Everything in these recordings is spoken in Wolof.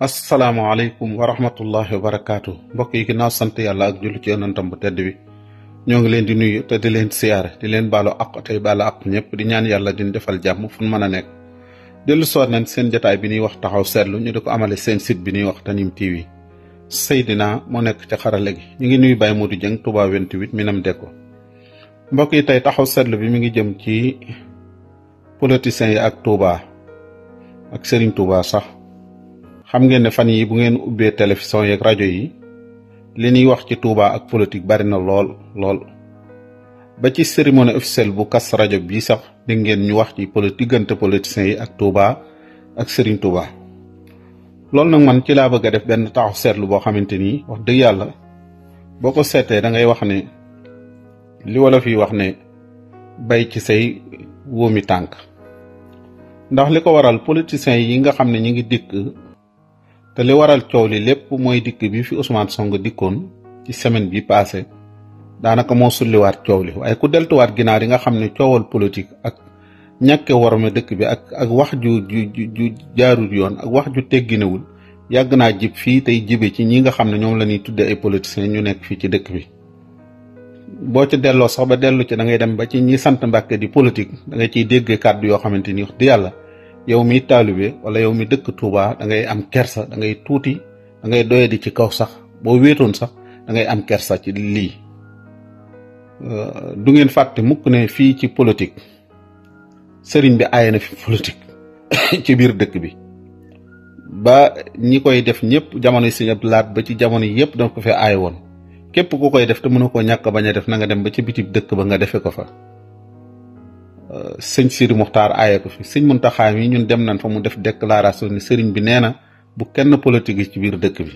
asalaamaaleykum wa rahmatullahi wa barakaatu mbokk yi ginnaaw sant yàlla ak julli ci yonantam bu tedd bi ñoo ngi leen di nuyu te di leen siyaare di leen baalu àq tey baalu àq ñëpp di ñaan yàlla di defal jàmm fu mën a nekk. dellu soot nañ seen jataay bi ñuy wax taxaw seetlu ñu di ko amale seen sit bi ñuy wax yi TV Seydina moo nekk ci xarale gi ñu ngi nuyu di Modou Dieng Touba 28 Minam Deko mbokk yi tey taxaw seetlu bi mu ngi jëm ci politiciens yi ak Touba ak Serigne Touba sax. xam ngeen ne fan yi bu ngeen ubbee télévision yeeg rajo yi li ñuy wax ci tuubaa ak politique bari na lool lool ba ci cérémonie officielle bu kas rajo bii sax dégg ngeen ñu wax ci poli diggante politiciens yi ak Touba ak Serigne Touba. loolu nag man ci laa bëgg a def benn taxaw seetlu boo xamante ni wax dëgg yàlla boo ko seetee da ngay wax ne li wolof yi wax ne bay ci say wóomi tànk ndax li ko waral politiciens yi nga xam ne ñu ngi dikk. te li waral coow li lépp mooy dikk bi fi Ousmane Sonko dikkoon ci semaine bi passé daanaka moo sulliwaat coow li waaye ku deltuwaat ginaar yi nga xam ne coowal politique ak ñàkke warme dëkk bi ak ak wax ju ju jaarul yoon ak wax ju tegginewul yàgg naa jib fii tey jibe ci ñi nga xam ne ñoom la ñuy tudde ay politiciens ñu nekk fii ci dëkk bi boo ci delloo sax ba dellu ci da ngay dem ba ci ñi sant Mbàkke di politique da nga ciy dégg kàddu yoo xamante ni wax di yow mi taalibe wala yow mi dëkk Touba da ngay am kersa da ngay tuuti da ngay doyadi ci kaw sax boo wéetoon sax da ngay am kersa ci lii euh, du ngeen fàtte mukk ne fii ci politique sëriñ bi aaye na fi politique ci biir dëkk bi ba ñi koy def ñëpp jamono yi Sëriñ Abdou Lahat ba ci jamono yëpp da ko fee aay woon képp ku koy def te mënu koo ñàkk bañ a def na nga dem ba ci bitib dëkk ba nga defe ko fa Euh, sëñ Sidi Muxtaar aaye ko fi sëñ Muntaxa mi ñun dem nañ fa mu def déclaration ni sëriñ bi nee na bu kenn politique yi ci biir dëkk bi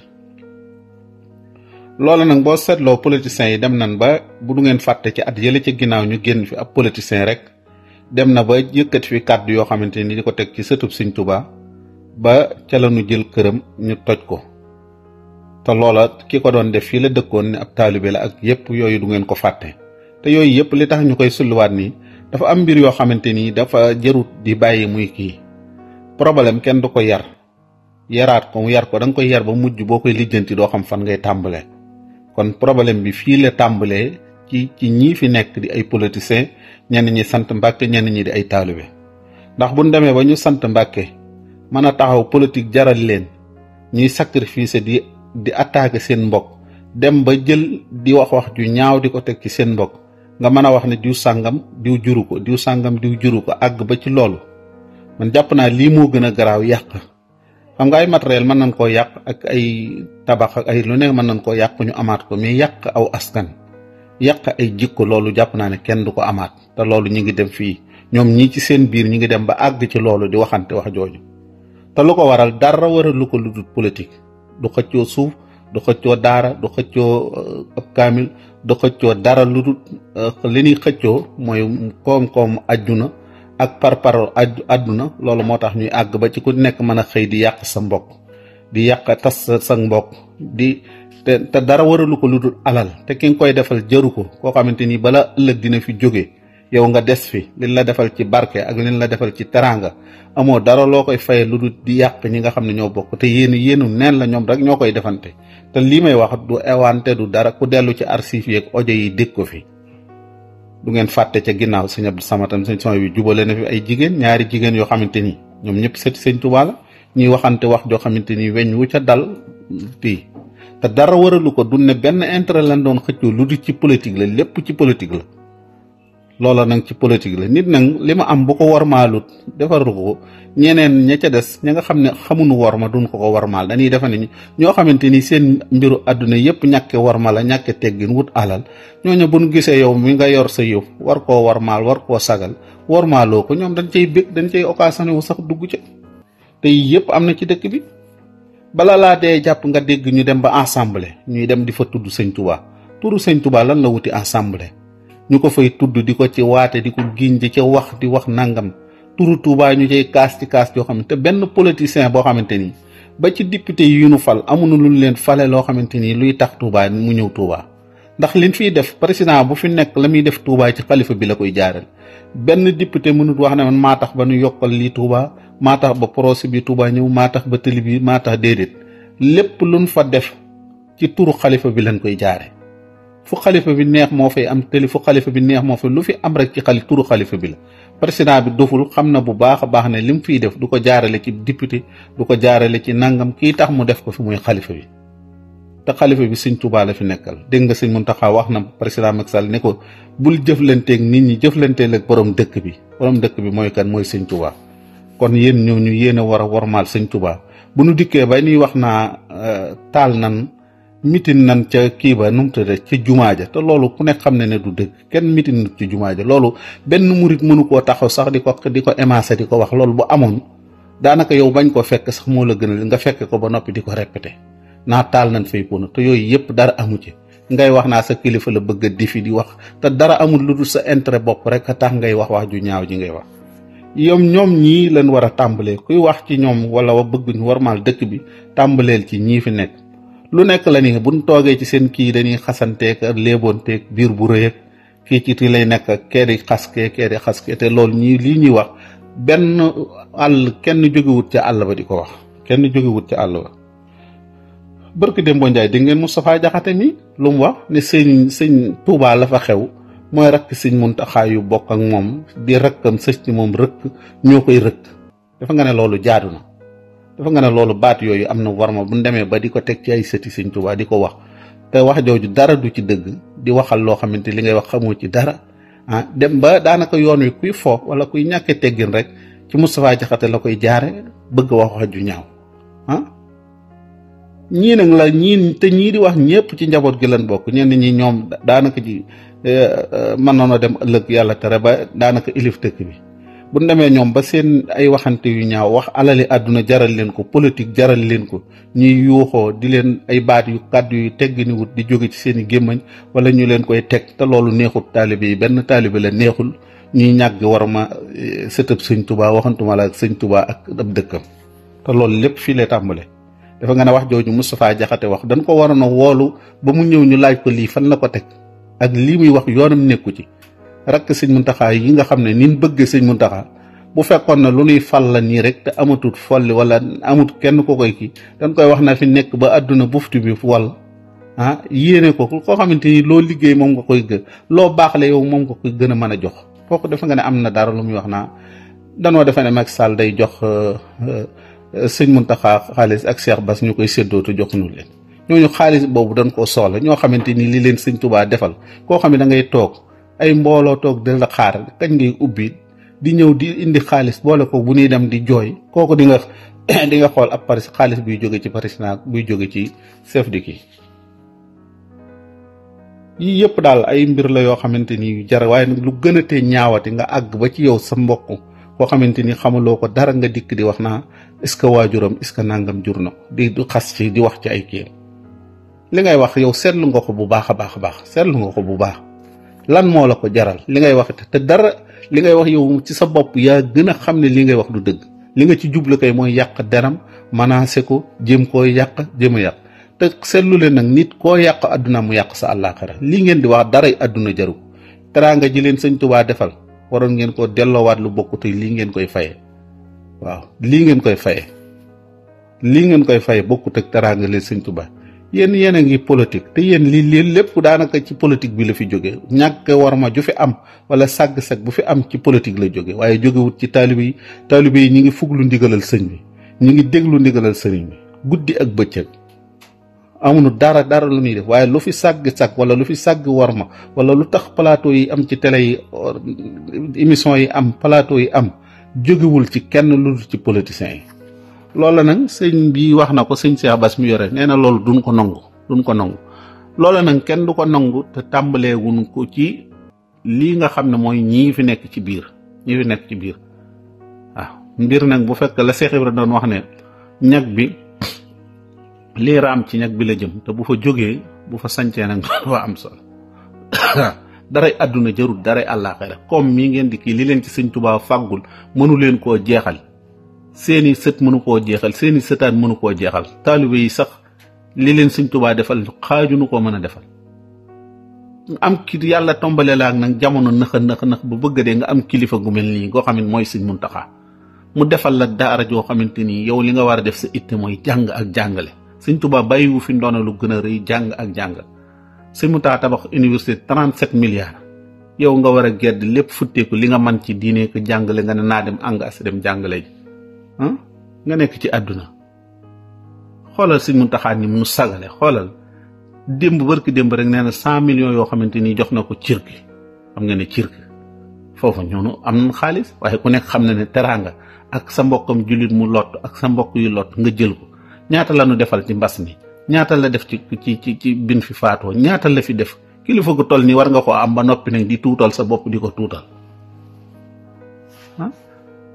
loolu nag boo seetloo politiciens yi dem nañ ba bu du ngeen fàtte ci at yële ci ginnaaw ñu génn fi ab politicien rek dem na ba yëkkati fi kàddu yoo xamante ni di ko teg ci sëtub sëñ Tuubaa ba ca la ñu jël këram ñu toj ko te loola ki ko doon def fii la dëkkoon ni ab taalibe la ak yëpp yooyu du ngeen ko fàtte te yooyu yëpp li tax ñu koy sulluwaat nii dafa am mbir yoo xamante nii dafa jarut di bàyyi muy kii problème kenn du ko yar yaraat ko mu yar ko da koy yar ba mujj boo koy lijjanti doo xam fan ngay tàmbale kon problème bi fii la tàmbalee ci ci ñii fi nekk di ay politiciens ñenn ñi sant Mbàkke ñenn ñi di ay taalibe ndax bu ñu demee ba ñu sant Mbàkke mën a taxaw politique jaral leen ñuy sacrifice di di attaquer seen mbokk dem ba jël di wax wax ju ñaaw di ko teg ci seen mbokk nga mën a wax na diw sàngam diw juru ko diw sàngam diw juru ko àgg ba ci loolu man jàpp naa lii moo gën a garaaw yàq xam nga ay matériel mën nañ koo yàq ak ay tabax ak ay lu ne mën nañ koo yàq ñu amaat ko mais yàq aw askan yàq ay jikko loolu jàpp naa ne kenn du ko amaat te loolu ñu ngi dem fii ñoom ñii ci seen biir ñu ngi dem ba àgg ci loolu di waxante wax jooju te lu ko waral dara waral lu ko lu dul politique du xëccoo suuf du xëccoo daara du xëccoo euh, ab kaamil du xëccoo dara lu dul euh, li ñuy xëccoo mooy koom-koom àdduna ak parparo àdduna loolu moo tax ñuy àgg ba ci ku nekk mën a xëy di yàq sa mbokk di yàq tas sa mbokk di te te dara waralu ko lu dul alal te ki nga koy defal jaru ko koo xamante ni bala ëllëg dina fi jóge yow nga des fi liñ la defal ci barke ak liñ la defal ci teraanga amoo dara loo koy faye lu dul di yàq ñi nga xam ne ñoo bokk te yéen yéenu neen la ñoom rek ñoo koy defante te lii may wax du ewante du dara ku dellu ci archive yeeg ojo yi dégg ko fi du ngeen fàtte ca ginnaaw sëñ Abdou sama tam sëñ Samad bi jubale na fi ay jigéen ñaari jigéen yoo xamante ni ñoom ñëpp sëti sëñ Tuubaa la ñuy waxante wax joo xamante ni weñ wu ca dal tii te dara waralu ko du ne benn intérêt lañ doon xëccoo lu dul ci politique la lépp ci politique la loola nag ci politique la nit nag li ma am bu ko warmaalut defaru ko ñeneen ña ca des ña nga xam ne xamuñu warma duñ ko ko warmaal dañuy defe ne ñoo xamante ni seen mbiru àdduna yëpp ñàkke warma la ñàkke teggin wut alal bu buñ gisee yow mi nga yor sa yëf war koo warmaal war koo sagal warmaaloo ko ñoom dañ cay bég dañ cay occasionné wu sax dugg ci te yëpp am na ci dëkk bi bala laa dee jàpp nga dégg ñu dem ba assemblée ñuy dem di fa tudd sëñ Tuubaa turu sëñ Tuubaa lan la wuti assemblée ñu ko fay tudd di ko ci waate di ko di ca wax di wax nangam turu Touba ñu cay kaas ci kaas yoo xam ne te benn politicien boo xamante ni ba ci député yu nu fal amuñu luñ leen fale loo xamante ni luy tax Touba mu ñëw tuubaa ndax liñ fiy def président bu fi nekk la muy def Touba ci xalifa bi la koy jaaral benn député mënut wax ne man maa tax ba nu yokkal lii Touba maa tax ba procès bi Touba ñëw maa tax ba tëli bi maa tax déedéet lépp luñ fa def ci turu xalifa bi lañ koy jaare fu xalifa bi neex moo fay am tëli fu xalifa bi neex moo fa lu fi am rek ci turu xalifa bi la président bi doful xam na bu baax a baax ne lim fiy def du ko jaarale ci député du ko jaarale ci nangam kii tax mu def ko fu muy xalifa bi te xalifa bi sëñ Tuubaa la fi nekkal dégg nga sëñ mun taxaw wax na président Macky Sall ne ko bul jëflanteeg nit ñi jëflanteel ak borom dëkk bi borom dëkk bi mooy kan mooy sëñ Tuubaa kon yéen ñëw ñu yéen a war a wormaal sëñ Tuubaa bu nu dikkee bay nuy wax naa euh, taal nan mitin nan ca kii ba nu ca jumaa ja te loolu ku nekk xam ne ne du dëgg kenn mitin ci jumaa ja loolu benn murit mënu koo taxaw sax di ko di ko émancé di ko wax loolu bu amoon daanaka yow bañ koo fekk sax moo la gënal nga fekk ko ba noppi di ko répété naa taal nañ fay pono te yooyu yëpp dara amu ci ngay wax naa sa kilifa la bëgg di fi di wax te dara amul lu dul sa intérêt bopp rek a tax ngay wax wax ju ñaaw ji ngay wax. yoom ñoom ñii leen war a tàmbalee kuy wax ci ñoom wala bëgg ñu warmaal dëkk bi tàmbaleel ci ñii fi nekk. lu nekk la ni buñ toogee ci seen kii dañuy xasanteeg ak léeboonteeg biir bu rëy ak kii ci ti lay nekk ak kee keri xaskee kee di te loolu ñii lii ñuy wax benn àll kenn jógewut ca àll ba di ko wax kenn jógewut ca àll ba bërki Dembo Ndiaye di ngeen Moustapha Jaxate mi lu mu wax ne sëñ sëñ tuubaa la fa xew mooy rakk sëñ Muntaxa yu bokk ak moom di rakkam sëñ moom rëkk ñoo koy rëkk dafa nga ne loolu jaadu na dafa nga ne loolu baat yooyu am na war ma bu ñu demee ba di ko teg ci ay sëti sëñ Tuubaa di ko wax te wax jooju dara du ci dëgg di waxal loo xamante li ngay wax xamoo ci dara ah dem ba daanaka yoon wi kuy foo wala kuy ñàkkee teggin rek ci Moustapha Diakhaté la koy jaare bëgg wax wax ju ñaaw ah ñii nag la ñii te ñii di wax ñëpp ci njaboot gi leen bokk ñenn ñi ñoom daanaka ci eh, eh, mën noona dem ëllëg yàlla tere ba daanaka ilif dëkk bi bu ñu demee ñoom ba seen ay waxante yu ñaaw wax alali àdduna jaral leen ko politique jaral leen ko ñuy yuuxoo di leen ay baat yu kàddu yu teggini wut di jóge ci seen i gémmañ wala ñu leen koy teg te loolu neexut taalibe yi benn taalibe la neexul ñuy ñàgg war ma eh, sëtëb sëñ tubaa waxantuma la ak sëñ tubaa ak ab dëkkam te loolu lépp fii la tàmbale dafa nga ne wax jooju mustafaa Jaxate wax dañ ko waroon a woolu ba mu ñëw ñu laaj ko lii fan la ko teg ak lii muy wax yoonam nekku ci rakk sëñ Muntaxa yi nga xam ne nin bëgg sëñ Muntaxa bu fekkoon na lu nuy la nii rek te amatut folli wala amut kenn ko koy kii dañ koy wax na fi nekk ba àdduna buftu bi wal ah yéene ko koo xamante ni loo liggéey moom nga koy gën loo baax la yow moom nga gën a mën a jox kooku defe nga ne am na dara lu muy wax naa danoo defe ne Macky Sall day jox euh, euh, sëñ Muntaxa xaalis ak Cheikh Bass ñu koy séddoo te joxuñu leen ñooñu xaalis boobu dañ koo soxla ñoo xamante ni li leen sëñ tubaa defal koo xam ne da ngay toog ay mbooloo toog di la xaar kañ ngay ubbi di ñëw di indi xaalis boole ko bu nuy dem di jooy kooku di nga di nga xool ab paris xaalis buy jóge ci naa buy jóge ci chef di kii yii yëpp daal ay mbir la yoo xamante ni jar waaye nag lu gën a tee ñaawati nga àgg ba ci yow sa mbokk koo xamante ni xamuloo ko dara nga dikk di wax naa est-ce que waajuram est-ce que nangam jur na ko du xas ci di wax ci ay kii li ngay wax yow seetlu nga ko bu baax a baax a baax seetlu nga ko bu baax. lan moo la ko jaral li ngay wax te dara li ngay wax yow ci sa bopp yaa gën a xam ne li ngay wax du dëgg li nga ci jublu kay mooy yàq deram menacé ko jéem koo yàq jéem a yàq te seetlu leen nag nit koo yàq àdduna mu yàq sa àllaaxira li ngeen di wax daray àdduna jaru teraanga ji leen sëñ Tuubaa defal waroon ngeen koo delloowaat lu bokk lii ngeen koy faye waaw lii ngeen koy faye lii ngeen koy faye bokkut ak teraanga leen sëñ Tuubaa yéen yéen a ngi politique te yéen li lii lépp daanaka ci politique bi la fi jóge ñàkk war ma fi am wala sàgg-sag bu fi am ci politique la jóge waaye jógewut ci taalibe yi taalibe yi ñu ngi fuglu ndigalal sëñ bi ñi ngi déglu ndigalal sëriñ bi guddi ak bëccëg amul dara dara lu ñuy def waaye lu fi sàgg-sàgg wala lu fi sàgg war ma wala lu tax plateau yi am ci télé yi émission yi am palaato yi am jógewul ci kenn lu ci politiciens yi loola nag sëñ bii wax na ko sëñ Cheikh Bass mu yore nee na loolu duñ ko nangu duñ ko nangu loola nag kenn du ko nangu te tàmbaleewuñ ko ci lii nga xam ne mooy ñii fi nekk ci biir ñii nekk ci biir mbir nag bu fekk la Cheikh Ibrahima doon wax ne ñag bi lii raam ci ñag bi la jëm te bu fa jógee bu fa sancee nag waa am solo daray àdduna jarul daray àllaaxira comme mii ngeen di kii li leen ci sëñ Tuubaa fàggul mënu leen koo jeexal seeni sët mënu koo jeexal seeni sëtaan mënu koo jeexal taalibe yi sax li leen Sëñ tubaa defal xaaju nu ko mën a defal am ki yàlla tombale ak nag jamono nëxa nëx nëx bu bëgg dee nga am kilifa gu mel nii goo xam ne mooy Sëñ Muntaxaa mu defal la daara joo xamante ni yow li nga war a def sa itte mooy jàng ak jàngale Sëñ tubaa bàyyiwu fi ndoona lu gën a rëy jàng ak jàngal Sëñ Muntaxaa tabax université 37 milliards yow nga war a gedd lépp futteeku li nga man ci diine ko jàngale ne naa dem àng dem jàngale ji Hmm? nga nekk ci àdduna xoolal sëñ taxaan ni mu sagale xoolal démb barki démb rek nee na cent millions yoo xamante ni jox na ko cirque xam nga ne cirque foofu ñoonu am xaalis waaye ku nekk xam na ne teraanga ak sa mbokkam jullit mu lott ak sa mbokk yu lott nga jël ko ñaata la nu defal ci mbas mi ñaata la def ci ci ci ci bin fi faatoo ñaata la fi def kilifa gu toll nii war nga ko am ba noppi nag di tuutal sa bopp di ko tuutal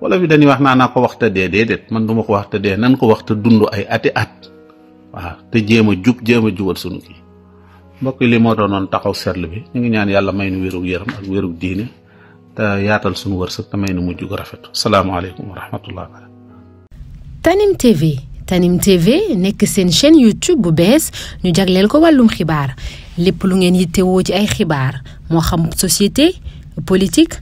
wala bi dañuy wax naa naa ko wax te dee déedéet man du ma ko wax te dee nan ko wax te dund ay ati at waaw te jéem a jub jéem a jubal sunu kii mbokk yi li moo doonoon taxaw seetlu bi ñu ngi ñaan yàlla may nu wérug yaram ak wérug diine te yaatal sunu wërsëg te may nu mujj gu rafet salaamaaleykum wa rahmatullah. Tanim TV Tanim TV nekk seen chaîne YouTube bu bees ñu jagleel ko wàllum xibaar lépp lu ngeen yittewoo ci ay xibaar moo xam société politik